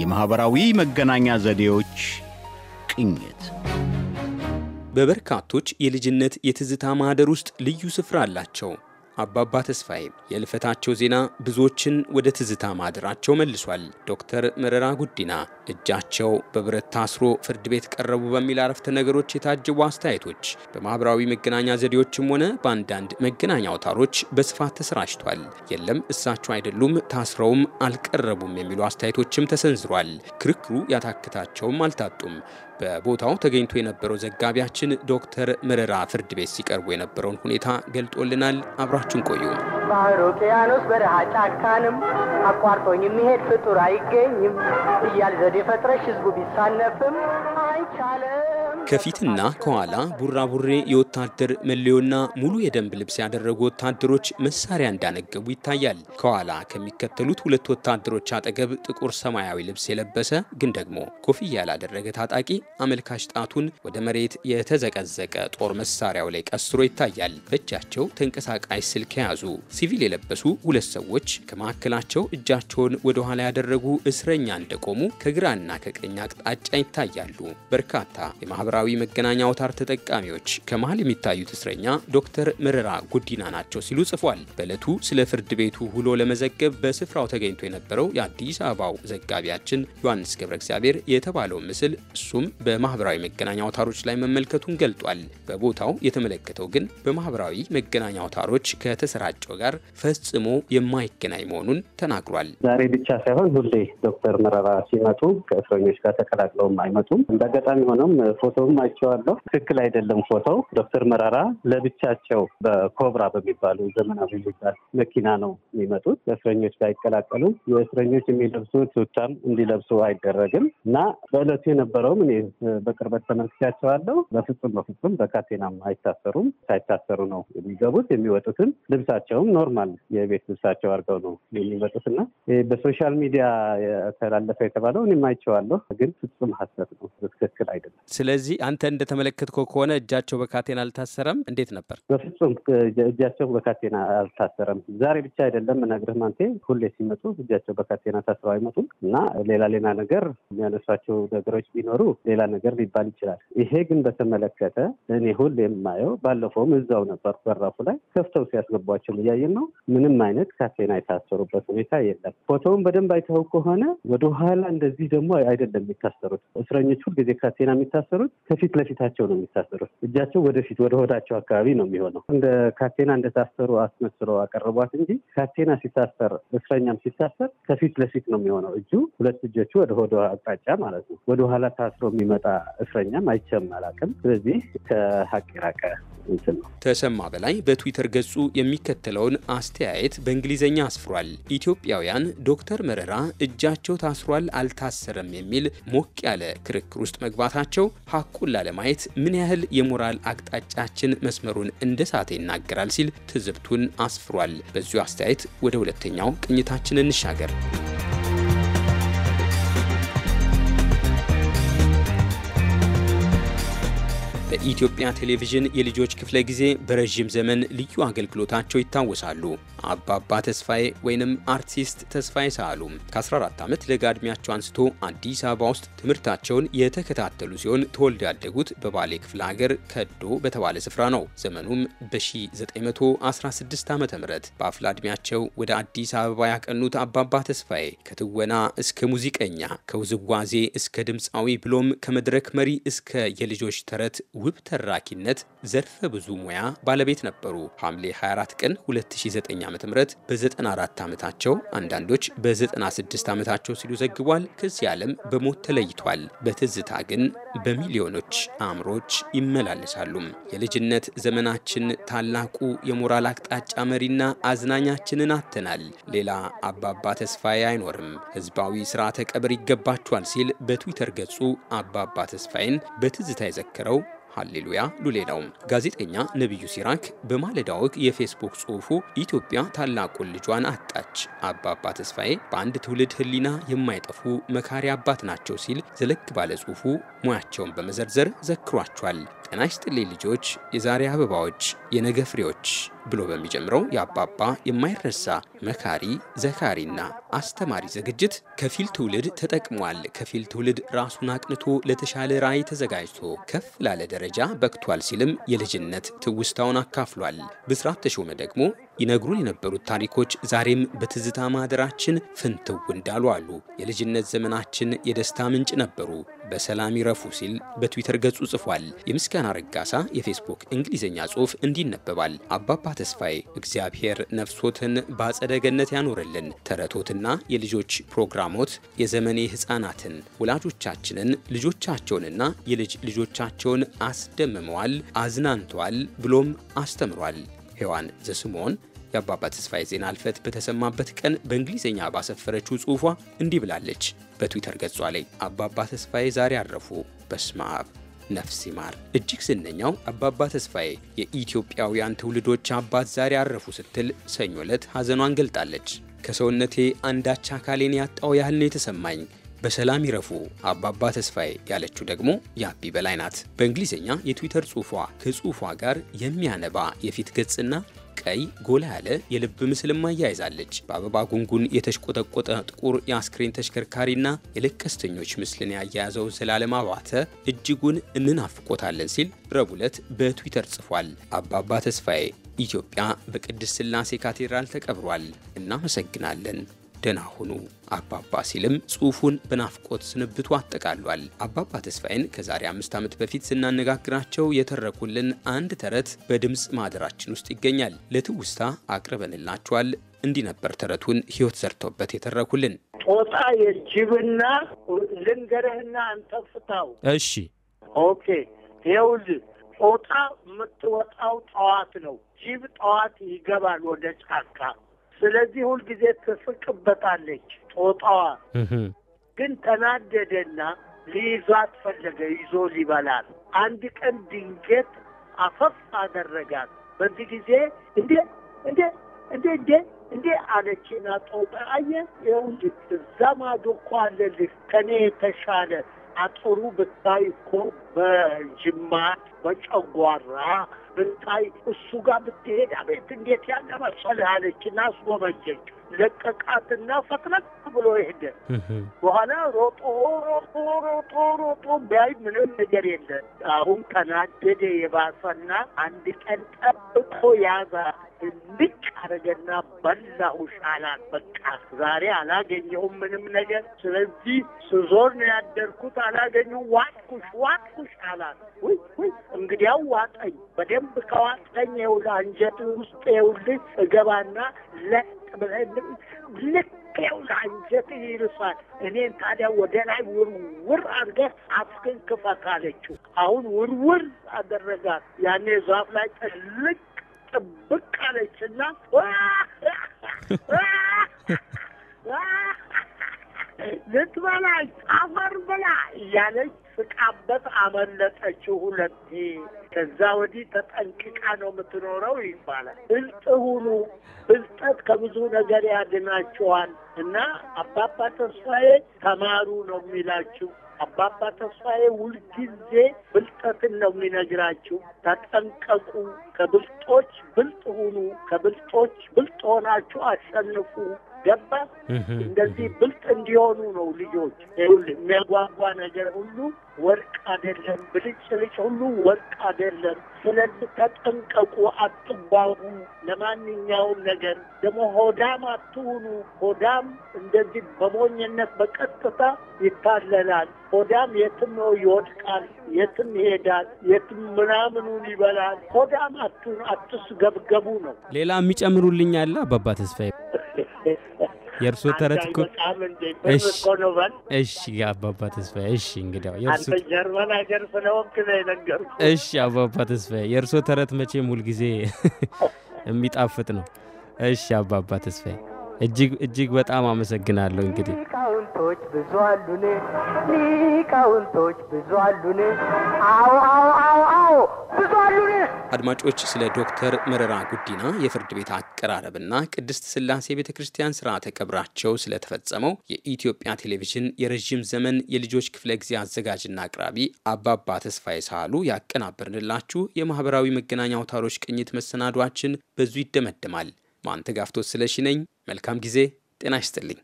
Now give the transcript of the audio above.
የማኅበራዊ መገናኛ ዘዴዎች ቅኝት በበርካቶች የልጅነት የትዝታ ማኅደር ውስጥ ልዩ ስፍራ አላቸው። አባባ ተስፋዬ የልፈታቸው ዜና ብዙዎችን ወደ ትዝታ ማድራቸው መልሷል። ዶክተር መረራ ጉዲና እጃቸው በብረት ታስሮ ፍርድ ቤት ቀረቡ በሚል አረፍተ ነገሮች የታጀቡ አስተያየቶች በማኅበራዊ መገናኛ ዘዴዎችም ሆነ በአንዳንድ መገናኛ አውታሮች በስፋት ተሰራጭቷል። የለም እሳቸው አይደሉም፣ ታስረውም አልቀረቡም የሚሉ አስተያየቶችም ተሰንዝሯል። ክርክሩ ያታክታቸውም አልታጡም። በቦታው ተገኝቶ የነበረው ዘጋቢያችን ዶክተር መረራ ፍርድ ቤት ሲቀርቡ የነበረውን ሁኔታ ገልጦልናል። አብራችን ቆዩ። ባህር፣ ውቅያኖስ፣ በረሃ፣ ጫካንም አቋርጦኝ የሚሄድ ፍጡር አይገኝም እያል ዘዴ ፈጥረሽ ህዝቡ ቢሳነፍም አይቻለም ከፊትና ከኋላ ቡራቡሬ የወታደር መለዮና ሙሉ የደንብ ልብስ ያደረጉ ወታደሮች መሳሪያ እንዳነገቡ ይታያል። ከኋላ ከሚከተሉት ሁለት ወታደሮች አጠገብ ጥቁር ሰማያዊ ልብስ የለበሰ ግን ደግሞ ኮፍያ ያላደረገ ታጣቂ አመልካች ጣቱን ወደ መሬት የተዘቀዘቀ ጦር መሳሪያው ላይ ቀስሮ ይታያል። በእጃቸው ተንቀሳቃሽ ስልክ የያዙ ሲቪል የለበሱ ሁለት ሰዎች ከመካከላቸው እጃቸውን ወደ ኋላ ያደረጉ እስረኛ እንደቆሙ ከግራና ከቀኝ አቅጣጫ ይታያሉ። በርካታ የማህበራ ማህበራዊ መገናኛ አውታር ተጠቃሚዎች ከመሀል የሚታዩት እስረኛ ዶክተር መረራ ጉዲና ናቸው ሲሉ ጽፏል። በዕለቱ ስለ ፍርድ ቤቱ ውሎ ለመዘገብ በስፍራው ተገኝቶ የነበረው የአዲስ አበባው ዘጋቢያችን ዮሐንስ ገብረ እግዚአብሔር የተባለው ምስል እሱም በማህበራዊ መገናኛ አውታሮች ላይ መመልከቱን ገልጧል። በቦታው የተመለከተው ግን በማህበራዊ መገናኛ አውታሮች ከተሰራጨው ጋር ፈጽሞ የማይገናኝ መሆኑን ተናግሯል። ዛሬ ብቻ ሳይሆን ሁሌ ዶክተር መረራ ሲመጡ ከእስረኞች ጋር ተቀላቅለውም አይመጡም። እንደ አጋጣሚ ፎቶ ፎቶውም አይቼዋለሁ። ትክክል አይደለም ፎቶው። ዶክተር መራራ ለብቻቸው በኮብራ በሚባሉ ዘመናዊ የሚባል መኪና ነው የሚመጡት። እስረኞች ጋር የእስረኞች የሚለብሱት ቱታም እንዲለብሱ አይደረግም እና በእለቱ የነበረውም እኔ በቅርበት ተመልክቻቸዋለሁ። በፍጹም በፍጹም በካቴናም አይታሰሩም። ሳይታሰሩ ነው የሚገቡት የሚወጡትም። ልብሳቸውም ኖርማል የቤት ልብሳቸው አድርገው ነው የሚመጡት እና በሶሻል ሚዲያ ተላለፈ የተባለው እኔም አይቼዋለሁ፣ ግን ፍጹም ሀሰት ነው። ትክክል አይደለም። ስለዚህ አንተ እንደተመለከትከው ከሆነ እጃቸው በካቴና አልታሰረም። እንዴት ነበር? በፍጹም እጃቸው በካቴና አልታሰረም። ዛሬ ብቻ አይደለም እነግርህ ማንቴ፣ ሁሌ ሲመጡ እጃቸው በካቴና ታስረው አይመጡም እና ሌላ ሌላ ነገር የሚያነሷቸው ነገሮች ቢኖሩ ሌላ ነገር ሊባል ይችላል። ይሄ ግን በተመለከተ እኔ ሁሌ የማየው ባለፈውም እዛው ነበር በራፉ ላይ ከፍተው ሲያስገቧቸው እያየን ነው። ምንም አይነት ካቴና የታሰሩበት ሁኔታ የለም። ፎቶውን በደንብ አይተው ከሆነ ወደኋላ እንደዚህ ደግሞ አይደለም የሚታሰሩት እስረኞች ሁልጊዜ ካቴና የሚታሰሩት ከፊት ለፊታቸው ነው የሚታሰሩት። እጃቸው ወደፊት ወደ ሆዳቸው አካባቢ ነው የሚሆነው። እንደ ካቴና እንደታሰሩ አስመስለው አቀርቧት እንጂ ካቴና ሲታሰር እስረኛም ሲታሰር ከፊት ለፊት ነው የሚሆነው። እጁ ሁለት እጆቹ ወደ ሆዶ አቅጣጫ ማለት ነው። ወደ ኋላ ታስሮ የሚመጣ እስረኛም አይቼም አላውቅም። ስለዚህ ከሀቅ የራቀ እንትን ነው። ተሰማ በላይ በትዊተር ገጹ የሚከተለውን አስተያየት በእንግሊዝኛ አስፍሯል። ኢትዮጵያውያን ዶክተር መረራ እጃቸው ታስሯል አልታሰረም የሚል ሞቅ ያለ ክርክር ውስጥ መግባታቸው ዳቁላ ለማየት ምን ያህል የሞራል አቅጣጫችን መስመሩን እንደሳተ ይናገራል ሲል ትዝብቱን አስፍሯል። በዚሁ አስተያየት ወደ ሁለተኛው ቅኝታችን እንሻገር። በኢትዮጵያ ቴሌቪዥን የልጆች ክፍለ ጊዜ በረዥም ዘመን ልዩ አገልግሎታቸው ይታወሳሉ። አባባ ተስፋዬ ወይንም አርቲስት ተስፋዬ ሳህሉም ከ14 ዓመት ለጋ ዕድሜያቸው አንስቶ አዲስ አበባ ውስጥ ትምህርታቸውን የተከታተሉ ሲሆን ተወልደ ያደጉት በባሌ ክፍለ ሀገር ከዶ በተባለ ስፍራ ነው። ዘመኑም በ1916 ዓ ም በአፍላ ዕድሜያቸው ወደ አዲስ አበባ ያቀኑት አባባ ተስፋዬ ከትወና እስከ ሙዚቀኛ፣ ከውዝዋዜ እስከ ድምፃዊ ብሎም ከመድረክ መሪ እስከ የልጆች ተረት ውብ ተራኪነት ዘርፈ ብዙ ሙያ ባለቤት ነበሩ። ሐምሌ 24 ቀን 2009 ዓ ም በ94 ዓመታቸው አንዳንዶች በ96 ዓመታቸው ሲሉ ዘግቧል። ከዚህ ዓለም በሞት ተለይቷል። በትዝታ ግን በሚሊዮኖች አእምሮች ይመላለሳሉ። የልጅነት ዘመናችን ታላቁ የሞራል አቅጣጫ መሪና አዝናኛችንን አተናል። ሌላ አባባ ተስፋዬ አይኖርም። ህዝባዊ ስርዓተ ቀብር ይገባቸዋል ሲል በትዊተር ገጹ አባባ ተስፋዬን በትዝታ የዘከረው ሀሌሉያ ሉሌ ነው። ጋዜጠኛ ነቢዩ ሲራክ በማለዳ ወግ የፌስቡክ ጽሑፉ ኢትዮጵያ ታላቁን ልጇን አጣች፣ አባባ ተስፋዬ በአንድ ትውልድ ሕሊና የማይጠፉ መካሪ አባት ናቸው ሲል ዘለግ ባለ ጽሑፉ ሙያቸውን በመዘርዘር ዘክሯቸዋል። ጤና ይስጥልኝ ልጆች፣ የዛሬ አበባዎች፣ የነገ ፍሬዎች ብሎ በሚጀምረው የአባባ የማይረሳ መካሪ ዘካሪና አስተማሪ ዝግጅት ከፊል ትውልድ ተጠቅሟል። ከፊል ትውልድ ራሱን አቅንቶ ለተሻለ ራዕይ ተዘጋጅቶ ከፍ ላለ ደረጃ በክቷል ሲልም የልጅነት ትውስታውን አካፍሏል። ብስራት ተሾመ ደግሞ ይነግሩን የነበሩት ታሪኮች ዛሬም በትዝታ ማህደራችን ፍንትው እንዳሉ አሉ። የልጅነት ዘመናችን የደስታ ምንጭ ነበሩ፣ በሰላም ይረፉ ሲል በትዊተር ገጹ ጽፏል። የምስጋና ረጋሳ የፌስቡክ እንግሊዝኛ ጽሑፍ እንዲነበባል። አባባ ተስፋዬ እግዚአብሔር ነፍሶትን በአጸደ ገነት ያኖርልን። ተረቶትና የልጆች ፕሮግራሞት የዘመኔ ህፃናትን ወላጆቻችንን ልጆቻቸውንና የልጅ ልጆቻቸውን አስደምመዋል፣ አዝናንተዋል፣ ብሎም አስተምሯል። ሔዋን ዘስምዖን የአባባ ተስፋዬ ዜና አልፈት በተሰማበት ቀን በእንግሊዝኛ ባሰፈረችው ጽሑፏ እንዲህ ብላለች። በትዊተር ገጿ ላይ አባባ ተስፋዬ ዛሬ አረፉ። በስመ አብ ነፍስ ይማር። እጅግ ዝነኛው አባባ ተስፋዬ የኢትዮጵያውያን ትውልዶች አባት ዛሬ አረፉ ስትል ሰኞ ዕለት ሐዘኗን ገልጣለች። ከሰውነቴ አንዳች አካሌን ያጣው ያህል ነው የተሰማኝ በሰላም ይረፉ አባባ ተስፋዬ ያለችው ደግሞ የአቢ በላይ ናት። በእንግሊዝኛ የትዊተር ጽሑፏ ከጽሑፏ ጋር የሚያነባ የፊት ገጽና ቀይ ጎላ ያለ የልብ ምስልም አያይዛለች። በአበባ ጉንጉን የተሽቆጠቆጠ ጥቁር የአስክሬን ተሽከርካሪና የለቀስተኞች ምስልን ያያያዘው ዘላለም አባተ እጅጉን እንናፍቆታለን ሲል ረቡዕ ዕለት በትዊተር ጽፏል። አባባ ተስፋዬ ኢትዮጵያ በቅድስት ሥላሴ ካቴድራል ተቀብሯል። እናመሰግናለን። ደና ሁኑ አባባ ሲልም ጽሑፉን በናፍቆት ስንብቱ አጠቃሏል። አባባ ተስፋዬን ከዛሬ አምስት ዓመት በፊት ስናነጋግራቸው የተረኩልን አንድ ተረት በድምፅ ማህደራችን ውስጥ ይገኛል። ለትውስታ አቅርበንላችኋል። እንዲህ ነበር ተረቱን ሕይወት ዘርቶበት የተረኩልን። ጦጣ የጅብና ልንገርህና አንተፍታው። እሺ ኦኬ። ይኸውልህ ጦጣ የምትወጣው ጠዋት ነው። ጅብ ጠዋት ይገባል ወደ ጫካ ስለዚህ ሁልጊዜ ትስቅበታለች ጦጣዋ። ግን ተናደደና ሊይዟት ፈለገ፣ ይዞ ሊበላል። አንድ ቀን ድንገት አፈፍ አደረጋት። በዚህ ጊዜ እንዴ እንዴ እንዴ እንዴ እንዴ አለችና ጦጣ አየ፣ ይኸውልህ እዛ ማዶ እኮ አለልህ ከእኔ የተሻለ አጥሩ ብታይ እኮ በጅማት በጨጓራ ብታይ እሱ ጋር ብትሄድ አቤት እንዴት ያለ መሰልህ አለችና አስጎመጀችው። ለቀቃትና ፈጥነት ብሎ ሄደ። በኋላ ሮጦ ሮጦ ሮጦ ሮጦ ቢያይ ምንም ነገር የለ። አሁን ተናደደ የባሰና አንድ ቀን ጠብቆ ያዛ ልቅ አረገና በላሁ ሻላት። በቃ ዛሬ አላገኘሁም ምንም ነገር፣ ስለዚህ ስዞር ነው ያደርኩት። አላገኘሁ ዋጥኩሽ ዋጥኩሽ አላት። ውይ ውይ እንግዲያው ዋጠኝ። በደንብ ከዋጠኝ ይኸውልህ አንጀት ውስጥ ይኸውልህ እገባና ለ ብለንም ልክ ያው አንጀት ይርሳል። እኔን ታዲያ ወደ ላይ ውርውር አድርገህ አፍክን ክፈት አለችው። አሁን ውርውር አደረጋት። ያኔ ዛፍ ላይ ጥልቅ ጥብቅ አለችና ልትበላይ አፈር ብላ እያለች ስቃበት አመለጠችው ሁለቴ። ከዛ ወዲህ ተጠንቅቃ ነው የምትኖረው ይባላል። ብልጥ ሁኑ። ብልጠት ከብዙ ነገር ያድናችኋል እና አባባ ተስፋዬ ተማሩ ነው የሚላችሁ። አባባ ተስፋዬ ሁልጊዜ ብልጠትን ነው የሚነግራችሁ። ተጠንቀቁ፣ ከብልጦች ብልጥ ሁኑ፣ ከብልጦች ብልጥ ሆናችሁ አሸንፉ ገባ እንደዚህ ብልጥ እንዲሆኑ ነው ልጆች። የሚያጓጓ ነገር ሁሉ ወርቅ አይደለም፣ ብልጭልጭ ሁሉ ወርቅ አይደለም። ስለዚህ ተጠንቀቁ፣ አትጓጉ ለማንኛውም ነገር። ደግሞ ሆዳም አትሁኑ። ሆዳም እንደዚህ በሞኝነት በቀጥታ ይታለላል። ሆዳም የትም ነው ይወድቃል፣ የትም ይሄዳል፣ የትም ምናምኑን ይበላል። ሆዳም አትሁኑ፣ አትስገብገቡ ነው። ሌላ የሚጨምሩልኝ አለ አባባ ተስፋዬ? የእርሱ ተረት እኮ እሺ፣ አባባ ተስፋዬ እሺ፣ እንግዲያው የእርሱ ጀርመን ሀገር ስለወክ ነው የነገርኩህ። እሺ፣ አባባ ተስፋዬ የእርሶ ተረት መቼም ሁልጊዜ የሚጣፍጥ ነው። እሺ፣ አባባ ተስፋዬ እጅግ እጅግ በጣም አመሰግናለሁ። እንግዲህ ሊቃውንቶች ብዙ አሉን፣ ሊቃውንቶች ብዙ አሉን። አዎ አዎ አዎ ብዙ አድማጮች ስለ ዶክተር መረራ ጉዲና የፍርድ ቤት አቀራረብና ቅድስት ስላሴ ቤተ ክርስቲያን ስርዓተ ቀብራቸው ስለተፈጸመው የኢትዮጵያ ቴሌቪዥን የረዥም ዘመን የልጆች ክፍለ ጊዜ አዘጋጅና አቅራቢ አባባ ተስፋዬ ሳሉ ያቀናበርንላችሁ የማህበራዊ መገናኛ አውታሮች ቅኝት መሰናዷችን በዙ ይደመደማል። ማንተጋፍቶት ስለሺ ነኝ። መልካም ጊዜ። ጤና ይስጥልኝ።